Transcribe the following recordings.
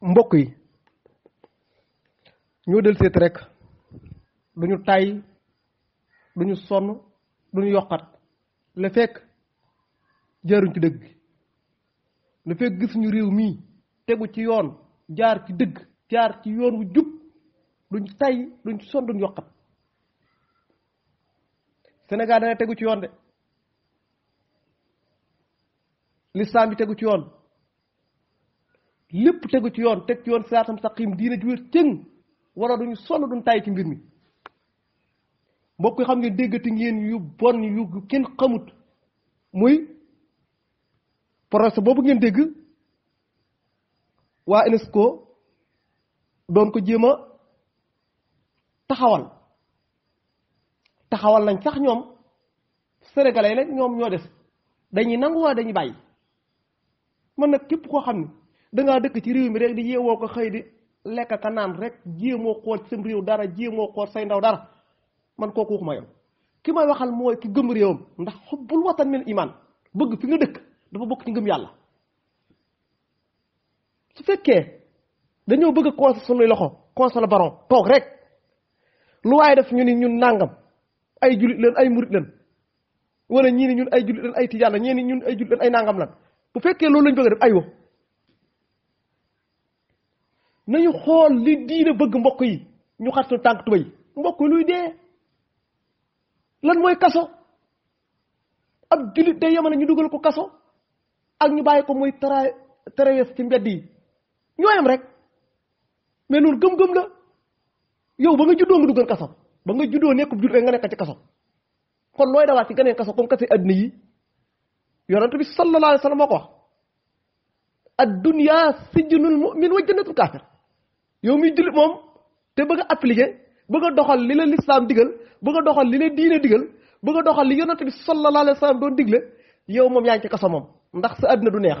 mbokk yi ñoo del seet rek du ñu tàyyi du ñu sonn du yokkat la fekk jaaruñ ci dëgg la fekk gis ñu réew mii tegu ci yoon jaar ci dëgg jaar ci yoon wu jub duñ tàyyi duñ sonn duñ yokkat Sénégal dana tegu ci yoon de lislaam bi tegu ci yoon lépp tegu ci yoon teg ci yoon siraatam saqiim diina ju wér cëng wala duñu sonn duñ tàyyi ci mbir mi boo koy xam ngeen déggati ngeen yu bon yu kenn xamut muy projet boobu ngeen dégg waa UNESCO doon ko jéem a taxawal taxawal nañ sax ñoom sénégalais nag ñoom ñoo des dañuy nangu waa dañuy bàyyi man nag képp koo xam ne dangaa dëkk ci réew mi rek di yeewoo ko xëy di lekk ka naan rek jéemoo xool sam réew dara jéemoo xool say ndaw dara man koo waxuma yow ki may waxal mooy ki gëm réewam ndax xubbul watan min bëgg fi nga dëkk dafa bokk ci yàlla su fekkee dañoo bëgg a coincer loxo coincer le baron rek lu waaye def ñu ni ñun nàngam ay jullit leen ay murit leen wala ñii ni ñun ay jullit leen ay tijaan la ñii ñun ay jullit leen ay nàngam lan bu fekkee loolu lañ bëgg a ay aywa nañu xool li diine bëgg mbokk yi ñu xartu tànk tubay mbokk luy dee lan mooy kaso ab jullit day yemane ñu dugal ko kaso ak ñu bàyyi ko muy tra traverse ci mbedd yi ñoo rek mais gëm-gëm la yow ba nga juddoo nga dugal kaso ba nga juddoo nekkub jullit nga nekk ci kaso kon looy dawaat ci ganeen kaso comme kase adduna yi yonent bi sallallahu alayhi wa sallam moo ko wax ad mu sijnul mu'min wa jannatul kafir yow mi jullit moom te bëgg a appliquer bëgg a doxal li la lislaam digal bëgg a doxal li la diine digal bëgg a doxal li yonante bi sallallahu alayhi a sallam doon digle yow moom yaa ngi ci kaso moom ndax àddina du neex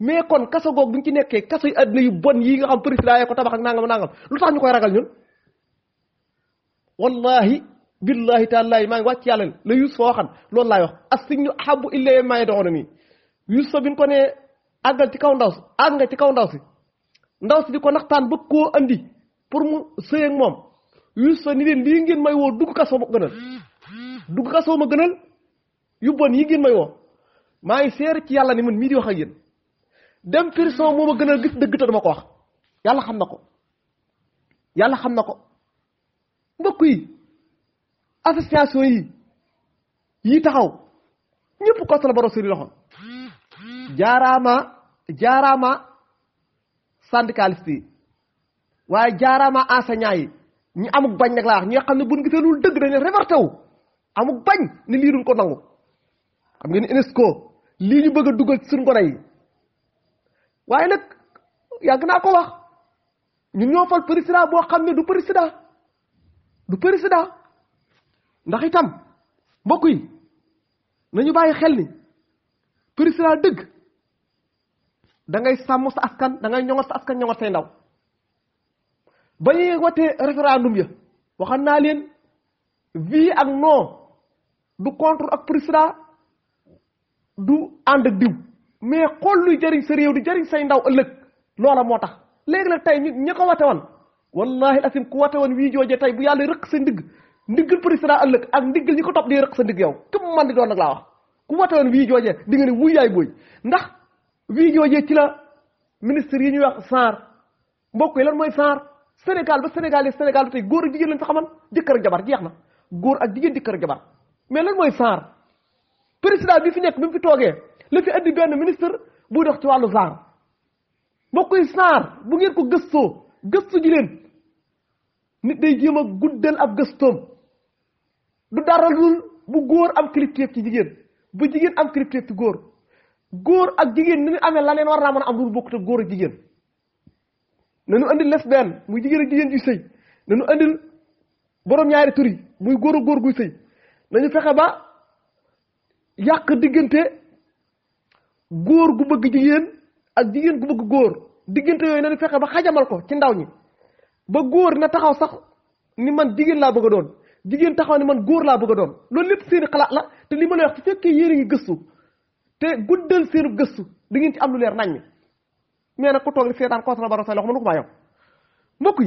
mais kon kaso goog duñ ci nekkee kaso yu àddina yu bon yi nga xam président yee ko tabax ak nangam nangam lu tax ñu koy ragal ñun wallahi billahi taalaay maa ngi wàcc yàlla la Yuusufa waxan loolu laay wax as-sijnu ahabbu ilayya mimmaa yad'uunanii Yuusufa bi ñu ko nee àggal ci kaw ndaw si àgg ci kaw ndaw si ndaw si di ko naxtaan ba koo andi pour mu sëy ak moom yu sa ni leen lii ngeen may woo dugg kasoo ma gënal dugg kasoo ma gënal yu bon yi ngeen may woo maa ngi seer ci yàlla ni man mii di wax ak yéen dem prison moo ma gënal gis dëgg te dama ko wax yàlla xam na ko yàlla xam na ko mbokk yi association yi yi taxaw ko kos la baro sëri loxo jaaraama jaaraama syndicaliste yi waaye jaaraama enseignant yi ñu amuk bañ nag laa wax ñi nga xam ne buñ gisee loolu dëgg dañu révolté wu amuk bañ ni lii duñ ko nangu xam ngeen UNESCO lii ñu bëgg a dugal suñ gone yi waaye nag yàgg naa ko wax ñun ñoo fal boo xam ne du président du président ndax itam mbokk yi nañu bàyyi xel ni président dëgg da ngay sàmm sa askan da ngay ñoŋal sa askan ñoŋal say ndaw ba ñuy watee référendum ya waxal naa leen vie ak non du contre ak président du ànd ak diw mais xool luy jëriñ sa réew di jëriñ say ndaw ëllëg loola moo tax léegi nag tey ñu ñi ko wate woon wallahi asim ku wate woon wii joojee tey bu yàlla rëq sa ndigg ndiggal président ëllëg ak ndiggal ñi ko topp di rëq sa ndigg yow képp man di doon nag wax ku wate woon wii joojee di wuy yaay booy ndax wii joojee ci la ministre yi ñuy wax Sarr mbokk yi lan mooy Sarr Sénégal ba Sénégal yi Sénégal ba tey góor ak jigéen lañ fa xamal jëkkër ak jabar jeex na góor ak jigéen jëkkër ak jabar mais lan mooy Sarr président bi fi nekk bi fi toogee la fi indi benn ministre buy dox ci wàllu Sarr mbokk yi Sarr bu ngeen ko gëstoo gëstu ji leen nit day jéem a guddal ab gëstoom du dara lu bu góor am kilifteef ci jigéen bu jigéen am kilifteef ci góor. góor ak jigéen ni ñu amee la neen war naa mën a am lu bokk bokkute góor ak jigéen nañu andil lesbienne muy jigéen ak jigéen ju sëy nañu andil borom ñaari turi muy góor ak góor guy sëy nañu fexe ba yàq diggante góor gu bëgg jigéen ak jigéen gu bëgg góor diggante yooyu nañu fexe ba xajamal ko ci ndaw ñi ba góor na taxaw sax ni man jigéen laa bëgg a doon jigéen taxaw ni man góor laa bëgg a doon loolu lépp seeni xalaat la te li ma lay wax su fekkee yéen gëstu te guddal seenu gëstu da ngeen ci am lu leer nañ mi na nag ku toog di seetaan kontaan ba rafet loxo mënu ko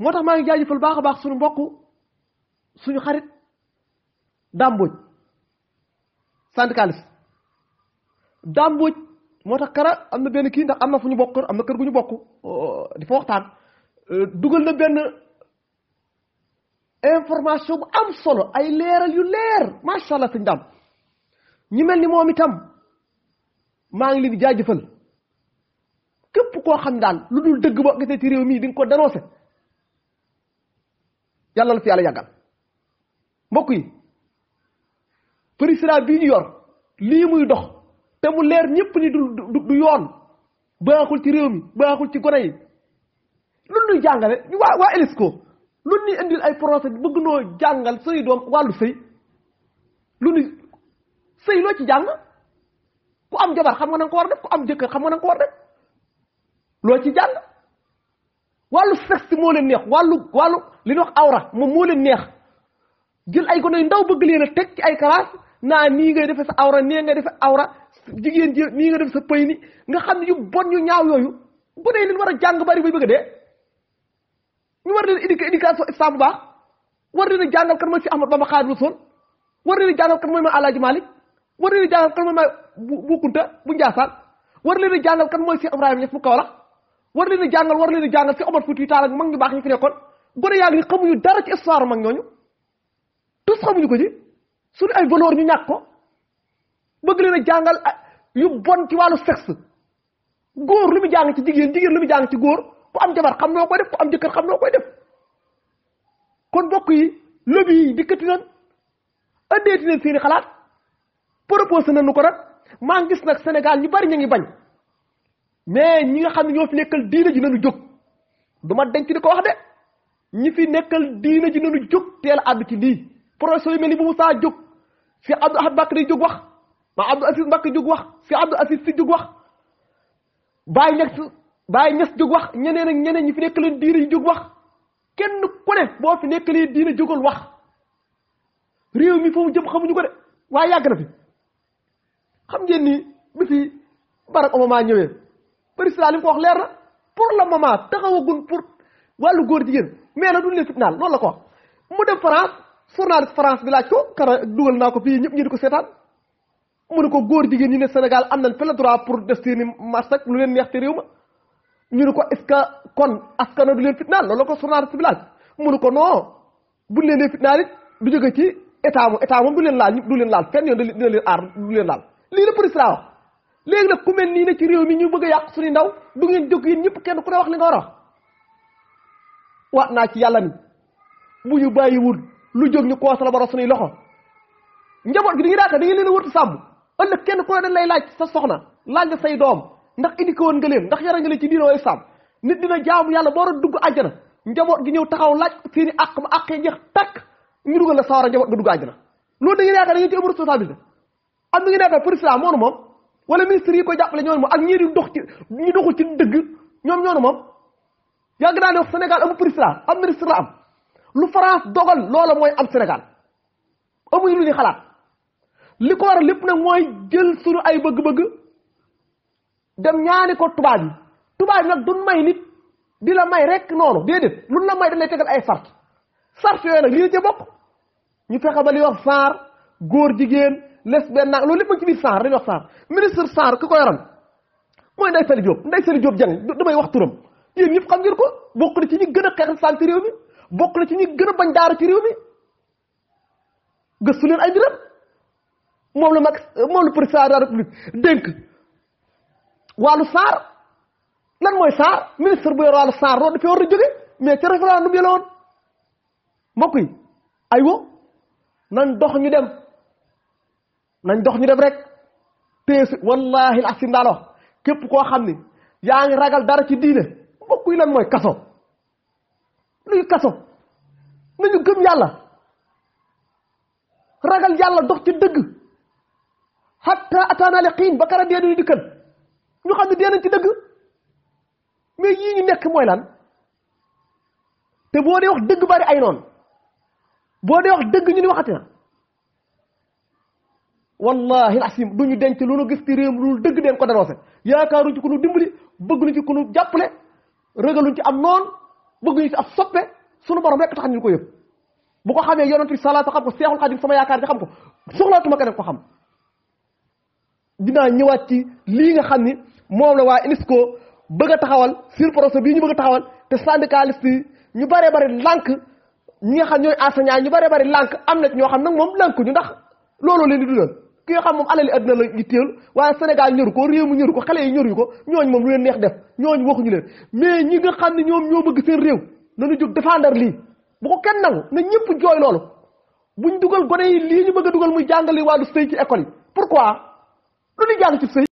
moo tax maa ngi jaajëfal baax a baax suñu mbokk suñu xarit dàmbooj syndicaliste dàmbooj moo tax kara am na benn kii ndax am na fu ñu bokk am na kër gu ñu bokk euh, di euh, dugal na benn information bu am solo ay leeral yu leer macha allah sëñ daam ñu mel ni moom itam maa ngi leen di jaajëfal képp koo xam daal lu dul dëgg boo gisee ci réew mii di nga ko dénoncé yàlla na fi yàlla yàggal mbokk yi président bii ñu yor lii muy dox te mu leer ñëpp ni du du yoon baaxul ci réew mi baaxul ci gone yi lu ñuy jàngale waa waa ELESCO lu ñuy indil ay procès bëgg noo jàngal sëy doom wàllu sëy lu ñuy sëy loo ci jàng ku am jabar xam nga na nga ko war def ku am jëkkër xam nga na ko war def loo ci jàng wàllu sexe neex wàllu wàllu li ñuy wax awra moom moo leen neex jël ay gone yu ndaw bëgg leen a teg ci ay kalaas naa nii ngay defee sa awra nee ngay defee awra jigéen ji nii nga def sa pëy ni nga xam ne yu bon yu ñaaw yooyu bu dee leen war a jàng bari bay bëgg a dee ñu war leen éduquer éducation islam bu baax war leen a jàngal kan mooy si Ahmad Bamba Xaadimu Rasuul war leen a jàngal kan mooy ma Alaaji Malik war leen a jàngal kan mooy ma bu Kunta bu Njaasaan war leen a jàngal kan mooy Cheikh Ibrahima Niass bu war leen a jàngal war leen a jàngal si Omar Futiyu Taal ak mag ñu baax ñu fi nekkoon gone yaa ngi xamuñu dara ci histoire ay valeur ñu ñàkk ko leen a jàngal ah, yu bon ci wàllu sexe góor lu mu ci jigéen jigéen lu mu ci góor ku am jabar xam noo koy def am jëkkër xam noo koy def kon bokk yi lobby yi dikkati nañ andeeti seeni xalaat pour proposé na nu ko nag maa ngi gis nag Sénégal ñu bari ñu ngi bañ mais ñi nga xam ne ñoo fi nekkal diina ji nañu jóg du ma denc di ko wax de ñi fi nekkal diina ji nañu jóg teel a ci lii professeur yu mel ni bu Moussa jóg si Abdou Ahad Mbacké wax ma Abdou Aziz Mbacké jóg wax si Abdou Aziz si jóg wax Baye Niass Baye Niass jóg wax ñeneen ak ñeneen ñi fi nekkaleen diina jóg wax kenn ku ne boo fi nekkalee diina jógal wax réew mi foofu jëm xamuñu ko de waaye yàgg na fi xam ngeen ni bi fi Barack Obama ñëwee président li mu ko leer na pour le moment taxawagun pour wàllu góor jigéen mais na duñ leen fitnaal loolu la ko wax mu dem France journaliste France bi laaj ko kara dugal naa ko fii ñëpp ñu ko seetaan mu ko góor jigéen ñi ne Sénégal am nañ plein droit pour def seeni marche leen neex ci réew ma ñu ne ko est-ce que kon askana du leen fitnaal loolu la ko journaliste bi laaj mu ne ko noo buñ leen dee fitnaal it du jóge ci état moom état leen laal ñëpp leen laal du leen laal lii la police laa léegi nag ku mel nii ne ci réew mi ñu bëgg a yàq suñu ndaw du ngeen jóg yéen ñëpp kenn ku ne wax li nga war a wax naa ci yàlla ni bu ñu bàyyiwul lu jóg ñu koos la bara suñuy loxo njaboot gi dañuy daaka da ngeen leen a wërtu sàmm ëllëg kenn ku ne dañ lay laaj sa soxna laaj la say doom ndax indi ko woon nga leen ndax yara nga leen ci diina way sàmm nit dina jaamu yàlla boo war a dugg àjjana njaboot gi ñëw taxaw laaj seeni àq ma àqee jeex takk ñu dugal la sawara njaboot nga dugg àjjana loolu da ngeen yaakaar da ngeen ci am responsabilité am na ñu nekk président moonu moom wala ministre yi ko jàppale ñoonu moom ak ñii di dox ci ñu doxu ci dëgg ñoom ñoonu moom yàgg naa ne Sénégal amul président am ministre la am lu France dogal loola mooy am Sénégal amuñ lu ñu xalaat li ko war a lépp nag mooy jël suñu ay bëgg-bëgg dem ñaani ko tubaab yi tubaab yi nag duñ may nit di la may rekk noonu déedéet luñ la may dañ lay tegal ay sart sart yooyu nag lii ci bokk ñu fexe ba li wax saar góor jigéen les benn nag loolu lépp ngi ci biir Sarr dañuy wax Sarr ministre Sarr ki ko yoroon mooy Ndeye Sali Diop Ndeye Sali Diop jàng damay wax turam yéen ñëpp xam ngeen ko bokk ci ñi gën a xeexal Sarr ci réew mi bokk na ci ñi gën a bañ daara ci réew mi leen ay mbiram moom la mag moom la président de la république dénk wàllu Sarr lan mooy Sarr ministre bu yor wàllu Sarr loolu dafay war a jóge mais ca référendum yëla woon mbokk yi ay nan dox dem nañ dox ñu dem rek tees wallahi asim daalo képp koo xam ni yaa ngi ragal dara ci diine mbokk yi lan mooy kaso luy kaso nañu gëm yàlla ragal yàlla dox ci dëgg hatta ataana liqiin ba kara dee duñu dikkal ñu xam ne dee nañ ci dëgg mais yii ñu nekk mooy lan te boo dee wax dëgg bari ay noonu boo dee wax dëgg ñu ni waxati wallahi alasim duñu denc lu nu gis ci réew mi lu dëgg deen ko danoose yaakaaruñ ci ku nu bëgg bëgguñu ci ku nu jàppale ragaluñ ci am noon bëgguñu ci ab soppe sunu borom rek tax ñu ko yëpp bu ko xamee yonent bi salaatu xam ko seexul xadim sama yaakaar ji xam ko soxlaatuma keneen ko xam dinaa ñëwaat ci lii nga xam ni moom la waa UNESCO bëgg a taxawal sur projet bii ñu bëgg taxawal te syndicaliste yi ñu baree bari lànk ñu nga xam ñooy enseignant ñu baree bari lànk am na ñoo xam nag moom lànk ñu ndax looloo leen di ki nga xam moom alali àddina la yitteel waaye Sénégal ñëru ko réew mi ñëru ko xale yi ñëruñu ko ñooñ moom lu leen neex def ñooñ waxuñu leen mais ñi nga xam ne ñoom ñoo bëgg seen réew nañu jóg défendre lii bu ko kenn nangu na ñëpp jooy loolu buñ dugal gone yi lii ñu bëgg a dugal muy jàngale wàllu sëy ci école yi pourquoi lu ñu jàng ci sëy